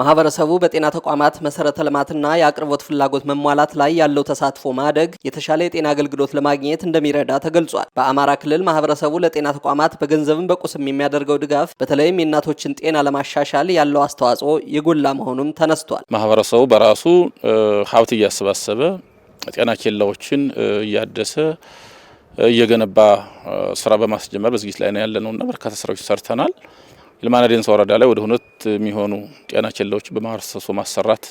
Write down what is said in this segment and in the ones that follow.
ማህበረሰቡ በጤና ተቋማት መሰረተ ልማትና የአቅርቦት ፍላጎት መሟላት ላይ ያለው ተሳትፎ ማደግ የተሻለ የጤና አገልግሎት ለማግኘት እንደሚረዳ ተገልጿል። በአማራ ክልል ማህበረሰቡ ለጤና ተቋማት በገንዘብም በቁስም የሚያደርገው ድጋፍ በተለይም የእናቶችን ጤና ለማሻሻል ያለው አስተዋጽኦ የጎላ መሆኑም ተነስቷል። ማህበረሰቡ በራሱ ሀብት እያሰባሰበ ጤና ኬላዎችን እያደሰ እየገነባ ስራ በማስጀመር በዝግጅት ላይ ነው ያለነውና በርካታ ስራዎች ሰርተናል። ይልማና ዴንሳ ወረዳ ላይ ወደ ሁለት የሚሆኑ ጤና ኬላዎች በማህበረሰቡ ማሰራት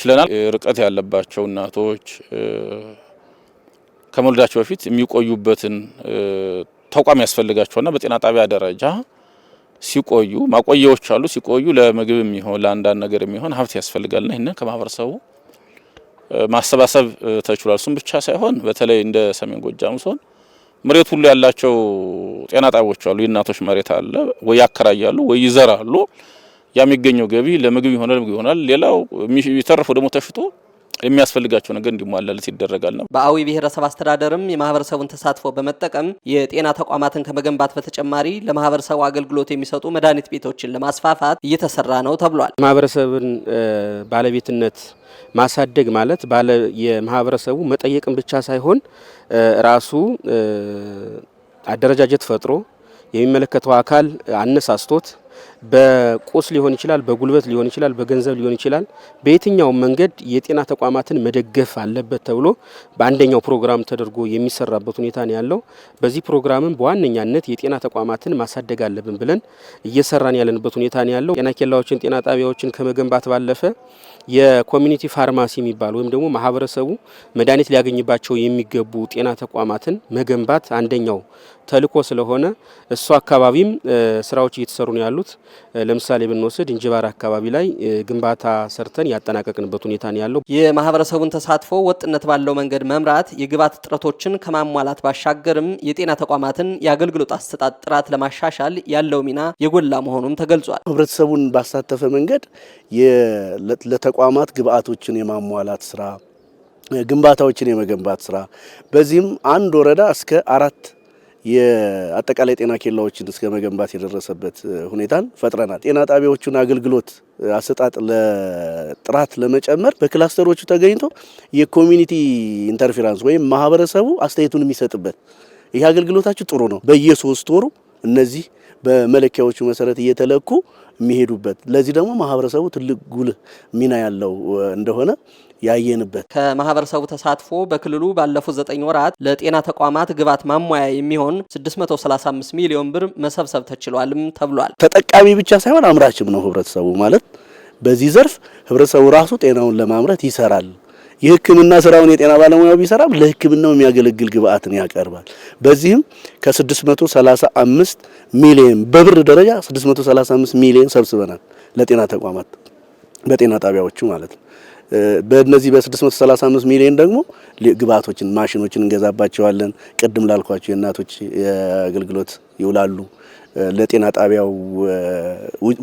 ችለናል። ርቀት ያለባቸው እናቶች ከመውለዳቸው በፊት የሚቆዩበትን ተቋም ያስፈልጋቸውና በጤና ጣቢያ ደረጃ ሲቆዩ ማቆያዎች አሉ። ሲቆዩ ለምግብ የሚሆን ለአንዳንድ ነገር የሚሆን ሀብት ያስፈልጋልና ይህንን ከማህበረሰቡ ማሰባሰብ ተችሏል። እሱም ብቻ ሳይሆን በተለይ እንደ ሰሜን ጎጃም ሲሆን መሬት ሁሉ ያላቸው ጤና ጣቢያዎች አሉ። የእናቶች መሬት አለ ወይ ያከራያሉ ወይ ይዘራሉ። ያ የሚገኘው ገቢ ለምግብ ይሆናል ምግብ ይሆናል። ሌላው የሚተርፈው ደግሞ ተሽጦ የሚያስፈልጋቸው ነገር እንዲሟላለት ይደረጋል ነው። በአዊ ብሔረሰብ አስተዳደርም የማህበረሰቡን ተሳትፎ በመጠቀም የጤና ተቋማትን ከመገንባት በተጨማሪ ለማህበረሰቡ አገልግሎት የሚሰጡ መድኃኒት ቤቶችን ለማስፋፋት እየተሰራ ነው ተብሏል። ማህበረሰብን ባለቤትነት ማሳደግ ማለት ባለ የማህበረሰቡ መጠየቅን ብቻ ሳይሆን ራሱ አደረጃጀት ፈጥሮ የሚመለከተው አካል አነሳስቶት በቁስ ሊሆን ይችላል፣ በጉልበት ሊሆን ይችላል፣ በገንዘብ ሊሆን ይችላል። በየትኛው መንገድ የጤና ተቋማትን መደገፍ አለበት ተብሎ በአንደኛው ፕሮግራም ተደርጎ የሚሰራበት ሁኔታ ነው ያለው። በዚህ ፕሮግራምም በዋነኛነት የጤና ተቋማትን ማሳደግ አለብን ብለን እየሰራን ያለንበት ሁኔታ ነው ያለው። ጤና ኬላዎችን፣ ጤና ጣቢያዎችን ከመገንባት ባለፈ የኮሚኒቲ ፋርማሲ የሚባል ወይም ደግሞ ማህበረሰቡ መድኃኒት ሊያገኝባቸው የሚገቡ ጤና ተቋማትን መገንባት አንደኛው ተልኮ ስለሆነ እሱ አካባቢም ስራዎች እየተሰሩ ነው ያሉት። ለምሳሌ ብንወስድ እንጅባር አካባቢ ላይ ግንባታ ሰርተን ያጠናቀቅንበት ሁኔታ ነው ያለው። የማህበረሰቡን ተሳትፎ ወጥነት ባለው መንገድ መምራት የግብዓት እጥረቶችን ከማሟላት ባሻገርም የጤና ተቋማትን የአገልግሎት አሰጣጥ ጥራት ለማሻሻል ያለው ሚና የጎላ መሆኑም ተገልጿል። ህብረተሰቡን ባሳተፈ መንገድ ለተቋማት ግብዓቶችን የማሟላት ስራ፣ ግንባታዎችን የመገንባት ስራ በዚህም አንድ ወረዳ እስከ አራት የአጠቃላይ ጤና ኬላዎችን እስከ መገንባት የደረሰበት ሁኔታን ፈጥረናል። ጤና ጣቢያዎቹን አገልግሎት አሰጣጥ ለጥራት ለመጨመር በክላስተሮቹ ተገኝቶ የኮሚኒቲ ኢንተርፌራንስ ወይም ማህበረሰቡ አስተያየቱን የሚሰጥበት ይህ አገልግሎታችሁ ጥሩ ነው፣ በየሶስት ወሩ እነዚህ በመለኪያዎቹ መሰረት እየተለኩ የሚሄዱበት ለዚህ ደግሞ ማህበረሰቡ ትልቅ ጉልህ ሚና ያለው እንደሆነ ያየንበት ከማህበረሰቡ ተሳትፎ በክልሉ ባለፉት ዘጠኝ ወራት ለጤና ተቋማት ግብዓት ማሟያ የሚሆን 635 ሚሊዮን ብር መሰብሰብ ተችሏልም ተብሏል። ተጠቃሚ ብቻ ሳይሆን አምራችም ነው ህብረተሰቡ ማለት በዚህ ዘርፍ ህብረተሰቡ ራሱ ጤናውን ለማምረት ይሰራል። የህክምና ስራውን የጤና ባለሙያው ቢሰራም ለህክምናው የሚያገለግል ግብአትን ያቀርባል። በዚህም ከ635 ሚሊዮን በብር ደረጃ 635 ሚሊዮን ሰብስበናል ለጤና ተቋማት በጤና ጣቢያዎቹ ማለት ነው። በእነዚህ በ635 ሚሊዮን ደግሞ ግብአቶችን ማሽኖችን እንገዛባቸዋለን። ቅድም ላልኳቸው የእናቶች አገልግሎት ይውላሉ። ለጤና ጣቢያው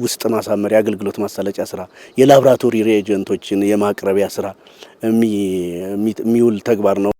ውስጥ ማሳመሪያ አገልግሎት ማሳለጫ ስራ፣ የላብራቶሪ ሬጀንቶችን የማቅረቢያ ስራ የሚውል ተግባር ነው።